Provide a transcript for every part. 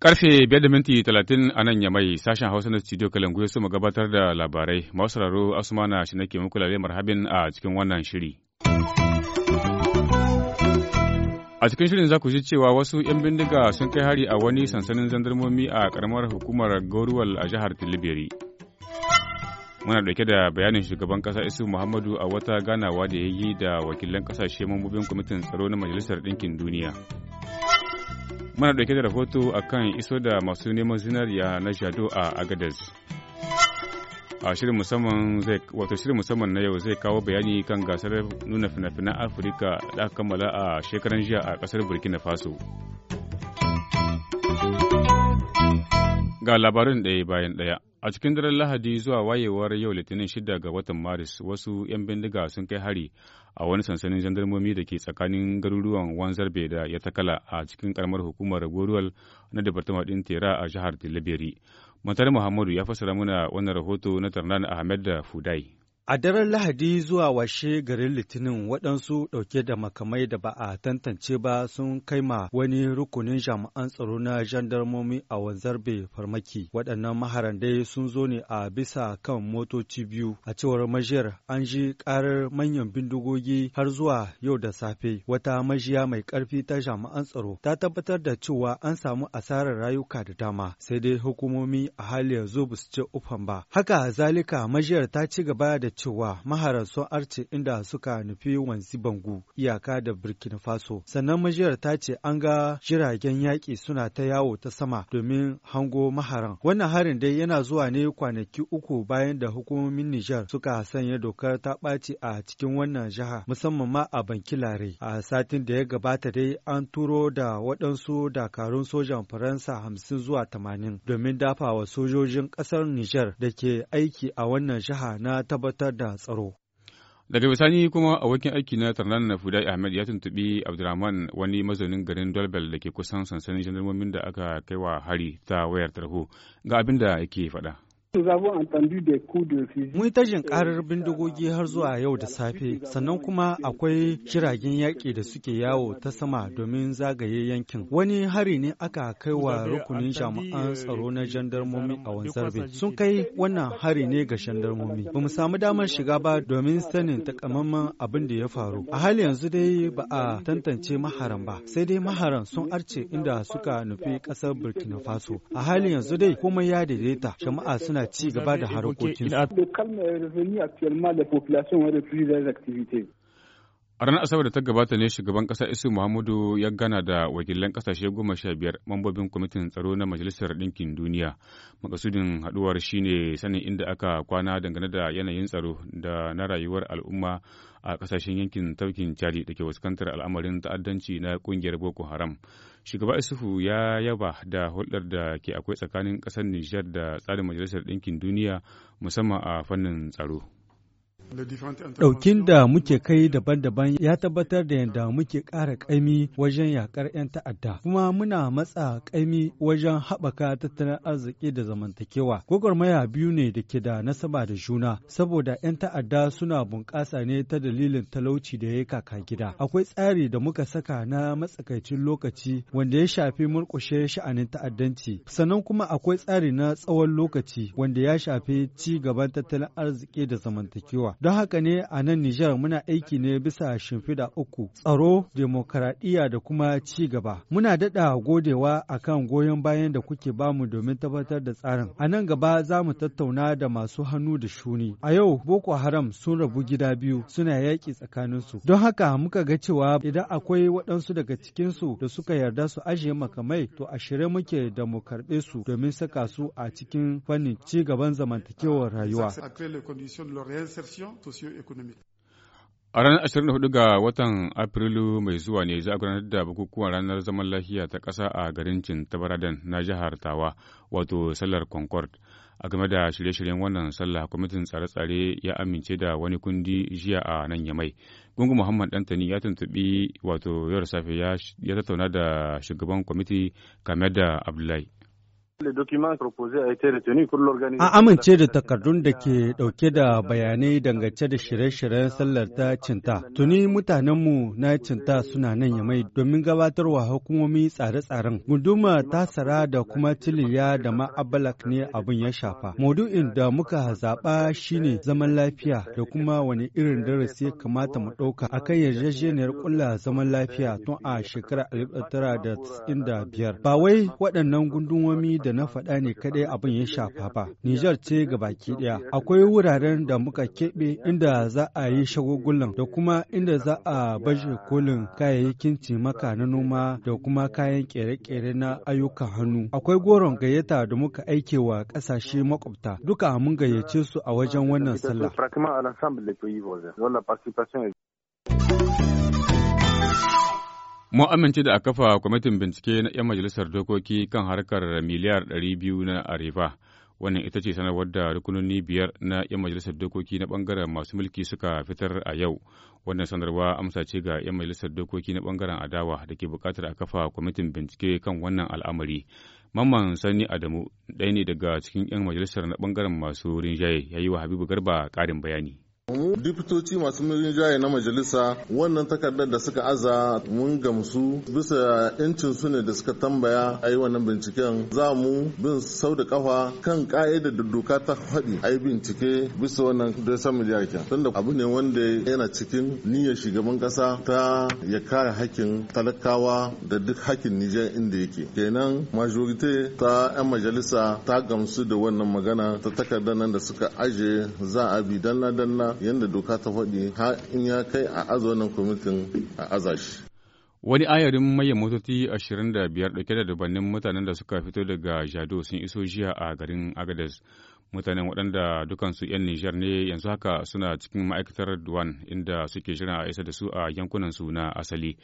Karfe biyar da minti talatin a nan mai sashen Hausa na studio Kalangu ya mu gabatar da labarai. Masu sauraro Asmana shi nake muku lalle marhabin a cikin wannan shiri. A cikin shirin za ku ji cewa wasu 'yan bindiga sun kai hari a wani sansanin zandarmomi a karamar hukumar Gorwal a jihar Tilibiri. Muna dauke da bayanin shugaban ƙasa Isu Muhammadu a wata ganawa da ya yi da wakilan kasashe mambobin kwamitin tsaro na Majalisar Ɗinkin Duniya. Muna dauke da rahoto a kan iso da masu neman zinariya na shado a Agadez. a shirin musamman zai wato shirin musamman na yau zai kawo bayani kan gasar nuna fina-finan afirka da aka kammala a shekaran jiya a kasar burkina faso ga labarin ɗaya bayan ɗaya a cikin daren lahadi zuwa wayewar yau litinin shida ga watan maris wasu 'yan bindiga sun kai hari a wani sansanin jandarmomi da ke tsakanin garuruwan wanzarbe da ya takala a cikin karamar hukumar goruwal na departamar ɗin tera a jihar liberia Muhammadu ya fassara muna wannan rahoto na Tarnan Ahmed da Fudai. A daren Lahadi zuwa washe garin Litinin waɗansu ɗauke da makamai da ba a tantance ba sun kai ma wani rukunin jami'an tsaro na jandarmomi a wanzarbe farmaki. Waɗannan maharan sun zo ne a bisa kan motoci biyu. A cewar majiyar an ji ƙarar manyan bindigogi har zuwa yau da safe. Wata majiya mai ƙarfi ta jami'an tsaro ta tabbatar da cewa an samu asarar rayuka da dama. Sai dai hukumomi a hali yanzu ba su ce ufan ba. Haka zalika majiyar ta ci gaba da cewa maharan sun arce inda suka nufi wanzi bangu iyaka da burkina faso sannan majiyar ta ce an ga jiragen yaƙi suna ta yawo ta sama domin hango maharan wannan harin dai yana zuwa ne kwanaki uku bayan da hukumomin nijar suka sanya dokar ta ɓaci a cikin wannan jiha musamman ma a bankilare a satin da ya gabata dai an turo da waɗansu dakarun sojan faransa hamsin zuwa tamanin domin dafa wa sojojin ƙasar nijar da ke aiki a wannan jiha na tabbatar tabbatar da tsaro. Daga bisani kuma abokin aiki na Tarnan Fudai Ahmed ya tuntubi Abdulrahman wani mazaunin garin Dolbel da ke kusan sansanin jandarmomin da aka kai wa hari ta wayar tarho ga abin da yake faɗa. Mun ta jin karar bindigogi har zuwa yau da safe, sannan kuma akwai jiragen yaƙi da suke yawo ta sama domin zagaye yankin. Wani hari ne aka kai wa rukunin jami'an tsaro na jandarmomi a Wanzarbe. Sun kai wannan hari ne ga jandarmomi. Ba mu samu damar shiga ba domin sanin takamaiman abin da ya faru. A hali yanzu dai ba a tantance maharan ba, sai dai maharan sun arce inda suka nufi ƙasar Burkina Faso. A halin yanzu dai komai ya daidaita, jama'a suna suna ci gaba da harkokinsu. A ranar Asabar da ta gabata ne shugaban ƙasa Isu Muhammadu ya gana da wakilan ƙasashe goma sha biyar mambobin kwamitin tsaro na Majalisar Ɗinkin Duniya. Makasudin haɗuwar ne sanin inda aka kwana dangane da yanayin tsaro da na rayuwar al'umma a kasashen yankin taukin Cari da ke fuskantar al'amarin ta'addanci na ƙungiyar Boko Haram. Shugaba Isufu ya yaba da hulɗar da ke akwai tsakanin ƙasar Nijar da tsarin Majalisar Ɗinkin Duniya musamman a fannin tsaro. Ɗaukin da muke kai daban-daban ya tabbatar da yadda muke ƙara ƙaimi wajen yaƙar 'yan ta'adda, kuma muna matsa ƙaimi wajen haɓaka tattalin arziki da zamantakewa. Gwagwarmaya biyu ne da ke da nasaba da juna, saboda 'yan ta'adda suna bunƙasa ne ta dalilin talauci da ya kaka gida. Akwai tsari da muka saka na matsakaicin lokaci wanda ya shafi murƙushe sha'anin ta'addanci, sannan kuma akwai tsari na tsawon lokaci wanda ya shafi ci gaban tattalin arziki da zamantakewa. Don haka ne a nan Nijar muna aiki ne bisa shimfiɗa uku, tsaro, demokaradiyya da kuma ci gaba. Muna daɗa godewa akan goyon bayan da kuke bamu domin tabbatar da tsarin. A nan gaba za mu tattauna da masu hannu da shuni. A yau Boko Haram sun rabu gida biyu suna yaƙi tsakaninsu. Don haka muka ga cewa idan akwai waɗansu daga cikinsu da suka yarda su ajiye makamai to a shirye muke da mu karɓe su domin saka su a cikin fannin ci gaban zamantakewar rayuwa. conditions socio-économiques. A ranar 24 ga watan Afrilu mai zuwa ne za a gudanar da bukukuwan ranar zaman lafiya ta ƙasa a garin Cintabaradan na jihar Tawa wato sallar Concord. A game da shirye-shiryen wannan sallah kwamitin tsare-tsare ya amince da wani kundi jiya a nan Yamai. Gungun Muhammad Dantani ya tuntubi wato yau safe ya tattauna da shugaban kwamiti Kamed da Abdullahi. A amince da takardun da ke dauke da bayanai dangace da shirye-shiryen sallar ta cinta. Tuni mutanenmu na cinta suna nan ya mai domin gabatarwa hukumomi tsare-tsaren. Gunduma tasara da kuma tiliya da ma'abalak ne abin ya shafa. Maudu'in da muka zaɓa shine zaman lafiya da kuma wani irin darasi kamata mu ɗauka A akan yarjejeniyar ƙulla zaman lafiya tun a shekarar 1995. Ba wai waɗannan gundumomi da da na faɗa ne kaɗai abin ya shafa ba. Nijar ce ga baki ɗaya. Akwai wuraren da muka keɓe inda za a yi shagulgulan da kuma inda za a baje kolin kayayyakin cimaka na noma da kuma kayan ƙere-ƙere na ayyukan hannu. Akwai goron gayyata da muka aike wa ƙasashe makwabta. Duka mun gayyace su a wajen wannan sallah. Mun amince da a kafa kwamitin bincike na 'yan majalisar dokoki kan harkar miliyar 200 na Arewa. Wannan ita ce sanarwar da rukunoni biyar na 'yan majalisar dokoki na bangaren masu mulki suka fitar a yau. Wannan sanarwa amsa ce ga 'yan majalisar dokoki na bangaren adawa da ke bukatar a kafa kwamitin bincike kan wannan al'amari. Mamman Sani Adamu ɗaya ne daga cikin 'yan majalisar na bangaren masu rinjaye ya yi wa Habibu Garba ƙarin bayani. mu diputoci masu jaye na majalisa wannan takardar da suka aza mun gamsu bisa yancin su ne da suka tambaya a yi wannan binciken za mu bin sau da kafa kan ka'idar da doka ta faɗi a yi bincike bisa wannan da samu miliyar kyan tunda abu ne wanda yana cikin niyyar shugaban kasa ta ya kare hakkin talakawa da duk hakkin nijar inda yake kenan majorite ta 'yan majalisa ta gamsu da wannan magana ta takardar nan da suka aje za a bi danna danna yadda doka ta faɗi har in ya kai a aza wannan kwamitin a aza shi. Wani ayarin mayan motoci 25 ɗauke da dubannin mutanen da suka fito daga Jado sun iso jiya a garin Agadez. Mutanen waɗanda dukansu 'yan Nijar ne yanzu haka suna cikin ma'aikatar Duwan inda suke jira a isa da su a yankunansu na asali.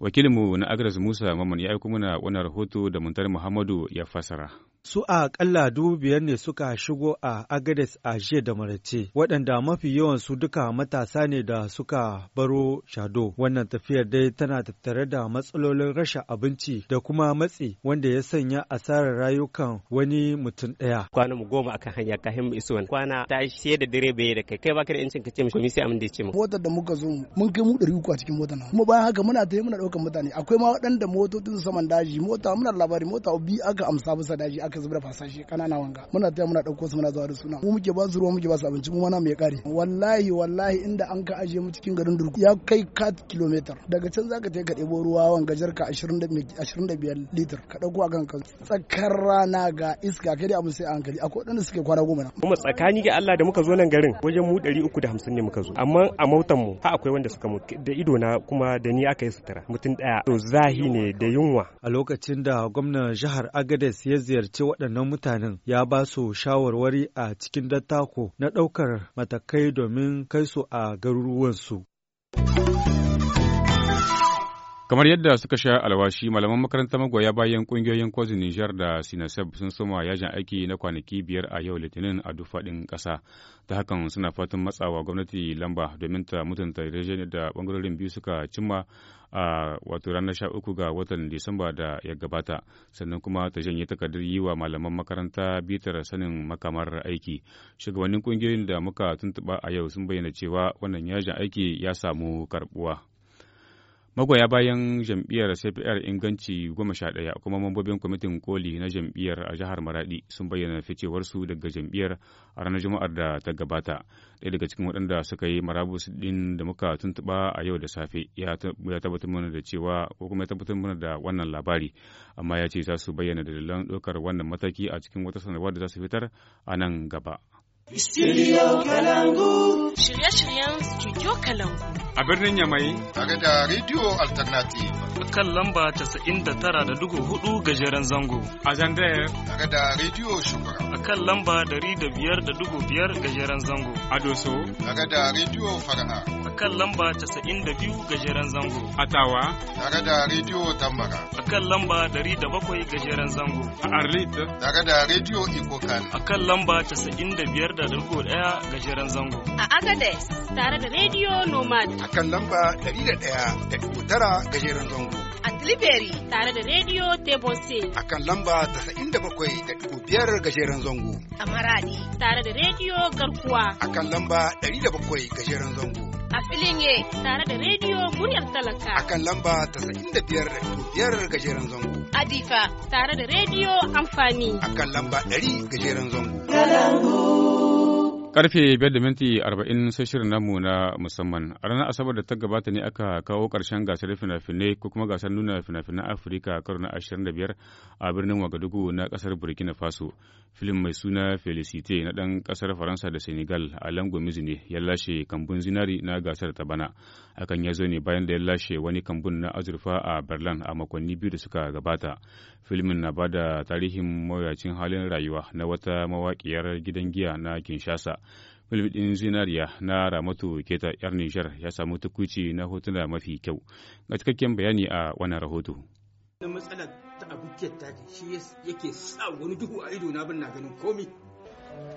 Wakilinmu na Agadez Musa Maman ya aiko mana wani rahoto da Muntar Muhammadu ya fasara. Su a ƙalla dubu biyar ne suka shigo a Agades a jiya da marace, waɗanda mafi yawan su duka matasa ne da suka baro Shado. Wannan tafiyar dai tana tattare da matsalolin rashin abinci da kuma matsi wanda ya sanya asarar rayukan wani mutum ɗaya. Kwana mu goma akan hanya ka mu iso Kwana ta sai da dare bai da kai kai baka da incin ka ce mu komisi amin da ya ce mu. Motar da muka zo mun kai mu ɗari uku a cikin motar nan. Kuma bayan haka muna tafi muna ɗaukar mutane akwai ma waɗanda motocin saman daji mota muna labari mota bi aka amsa bisa daji aka zubar fasashi kanana wanga muna taya muna dauko su muna zuwa da suna mu muke ba su ruwa muke ba su abinci mu mana mu ya kare wallahi wallahi inda an ka aje mu cikin garin Durku ya kai ka kilometer daga can zaka je ka debo ruwa wanga jarka 25 liter ka dauko a kan kan tsakar rana ga iska kai dai abu sai hankali akwai wadanda suke kwana goma na kuma tsakani ga Allah da muka zo nan garin wajen mu 350 ne muka zo amma a mautan mu ha akwai wanda suka mutu da ido na kuma da ni aka yi sutura mutum daya to zahi ne da yunwa a lokacin da gwamnan jihar Agadez ya ziyarci ce waɗannan mutanen ya ba su shawarwari a cikin dattako na ɗaukar matakai domin kai su a garuruwansu. Kamar yadda suka sha alwashi malaman makarantar magoya bayan kungiyoyin kwazin Nijar da Sinaseb sun soma yajin aiki na kwanaki biyar a yau Litinin a duk faɗin ƙasa. Ta hakan suna fatan matsawa gwamnati lamba domin ta mutunta yarjejeniyar da bangarorin biyu suka cimma a wato ranar sha uku ga watan Disamba da ya gabata sannan kuma ta janye takardar yi wa malaman makaranta bitar sanin makamar aiki. Shugabannin kungiyoyin da muka tuntuɓa a yau sun bayyana cewa wannan yajin aiki ya samu karɓuwa. magoya bayan jam'iyyar cpr inganci goma sha ɗaya kuma mambobin kwamitin koli na jam'iyyar a jihar maradi sun bayyana ficewarsu daga jam'iyyar a ranar juma'ar da ta gabata ɗaya daga cikin waɗanda suka yi marabus ɗin da muka tuntuɓa a yau da safe ya tabbatar mana da cewa ko kuma ya tabbatar mana da wannan labari amma ya ce za su bayyana dalilan ɗaukar wannan mataki a cikin wata sanarwa da za su fitar a nan gaba. Kalangu. Shirye-shiryen Studio Kalangu. A birnin Yamai. Tare da Radio Alternative. Kan lamba 99.4 gajeren zango. A Zandaya. Tare da Radio Shugaba. A kan lamba 105.5 gajeren zango. A Doso. Tare da Radio Fara'a. kan lamba 92 gajeren zango. a Atawa. Tare da Radio Tambara. A kan lamba 107 gajeren zango. A Arlit. Tare da Radio Ikokan. A kan lamba 95 da daya ga gajeren zango. A Agades tare da Radio Nomad. A kan lamba ɗari da ɗaya da zango. A Tilibiri tare da Radio Tebose. A kan lamba 97.5 da bakwai da zango. A Maradi tare da Radio Garkuwa. A kan lamba ɗari da bakwai zango. a filin ye tare da rediyo muryar talaka a kan lamba 95.5 da biyar zango a difa tare da rediyo amfani a kan lamba 100 gajeren zango Karfe biyar da minti arba'in sai shirin namu na musamman. A ranar Asabar da ta gabata ne aka kawo ƙarshen gasar fina-finai ko kuma gasar nuna fina-finan Afirka karo na ashirin da biyar a birnin Wagadugu na ƙasar Burkina Faso. Filin mai suna Felicite na ɗan ƙasar Faransa da Senegal a Lango ne ya lashe kambun zinari na gasar ta bana. Hakan ya zo ne bayan da ya lashe wani kambun na azurfa a Berlin a makonni biyu da suka gabata. Filmin na bada tarihin mawuyacin halin rayuwa na wata mawakiyar gidan giya na Kinshasa. Bilbil ɗin zinariya na Ramatu Keta 'yar Nijar ya samu tukuci na hotuna mafi kyau. Ga cikakken bayani a wannan rahoto. matsalar ta ta shi yake sa wani duhu a ido na bin na ganin komi.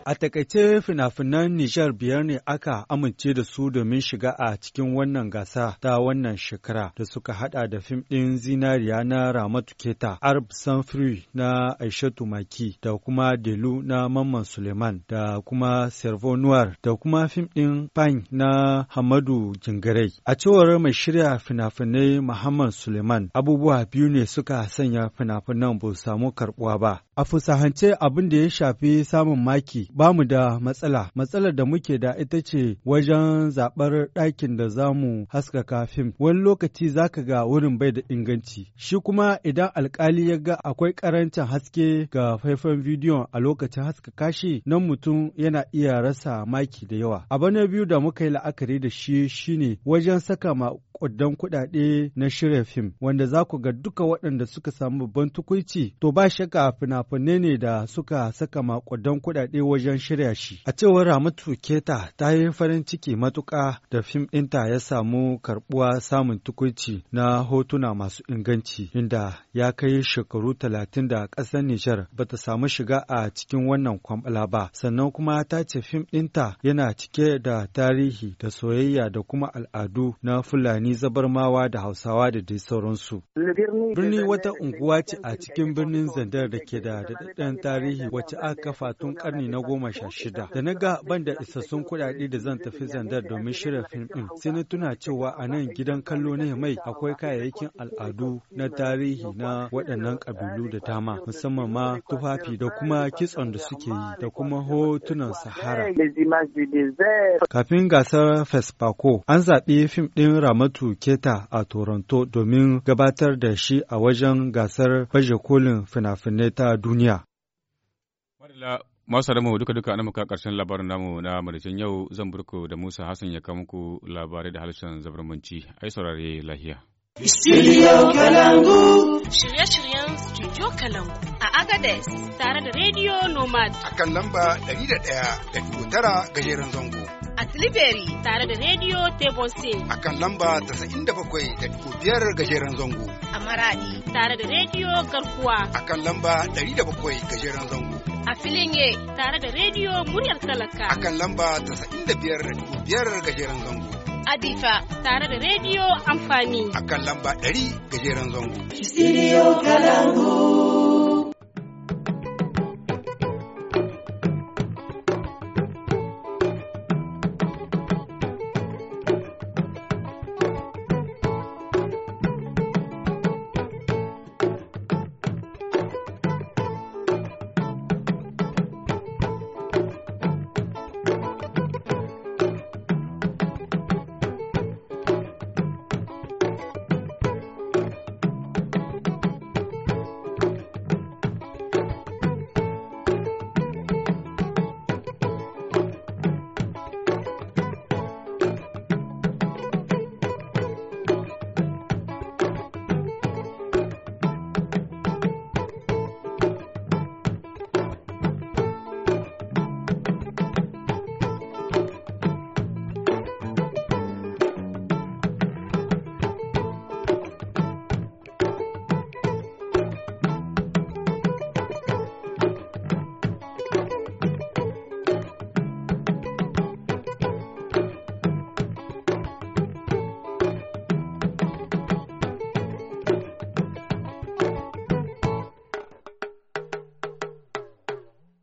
A takaice fina-finan Nijar biyar ne aka amince da su domin shiga a cikin wannan gasa ta wannan shekara da suka hada da fim ɗin zinariya na Ramatu Keta, Arb Sanfri na Aishatu Maki da kuma Delu na Mamman Suleiman da kuma Servo Noir da kuma fim ɗin Pine na Hamadu Jingarai. A cewar mai shirya fina-finai Muhammad Suleiman abubuwa biyu ne suka sanya fina-finan samu karɓuwa ba. A fusahance abin da ya shafi samun maki ba mu da matsala. Matsalar da muke da ita ce wajen zaɓar ɗakin da za mu haskaka fim. Wani lokaci zaka ga wurin bai da inganci. Shi kuma idan alkali ya ga akwai ƙarancin haske ga faifan bidiyon a lokacin haskaka shi nan mutum yana iya rasa maki da yawa. Abu na biyu da muka yi la'akari da shi shine wajen saka makudan kuɗaɗe na shirya fim wanda za ku ga duka waɗanda suka samu babban tukuici to ba shakka fina-finai ne da suka saka makudan kuɗaɗe wajen shirya shi. A cewar Ramatu Keta ta yi farin ciki matuƙa da fim ɗinta ya samu karɓuwa samun tukuici na hotuna masu inganci inda ya kai shekaru talatin da ƙasar Nijar ba ta samu shiga a cikin wannan kwamɓala ba sannan kuma ta ce fim ɗinta yana cike da tarihi da soyayya da kuma al'adu na Fulani Fulani zabarmawa da Hausawa da dai sauransu. Birni wata unguwa ce a cikin birnin Zandar da ke da daɗaɗɗen tarihi wacce aka kafa tun ƙarni na goma sha shida. Da na ga ban da isassun kuɗaɗe da zan tafi Zandar domin shirya fim ɗin. Sai na tuna cewa a nan gidan kallo na mai akwai kayayyakin al'adu na tarihi na waɗannan ƙabilu da dama musamman ma tufafi da kuma kitson da suke yi da kuma hotunan sahara. Kafin gasar Fespaco an zaɓi fim ɗin Ramat Aminatu Keta a Toronto domin gabatar da shi a wajen gasar baje kolin fina-finai ta duniya. Masu mu duka duka an muka ƙarshen labarin namu na madadin yau zan burko da Musa Hassan ya kawo muku labarai da harshen zabarmanci ai saurare lahiya. Studio Kalangu. Shirye-shiryen Studio Kalangu a Agadez tare da Radio Nomad. A kan lamba 101.9 gajeren zango. A Tilibiri tare da Radio Tebose. A kan lamba 97.5 gajeren zango. A Maradi tare da Radio Garkuwa. A kan lamba 107 gajeren zango. A Filinge tare da Radio Muryar Talaka. A kan lamba 95.5 gajeren zango. Adifa tare da rediyo amfani. A kan lamba 100 gajeren zango. Studio Kalangu.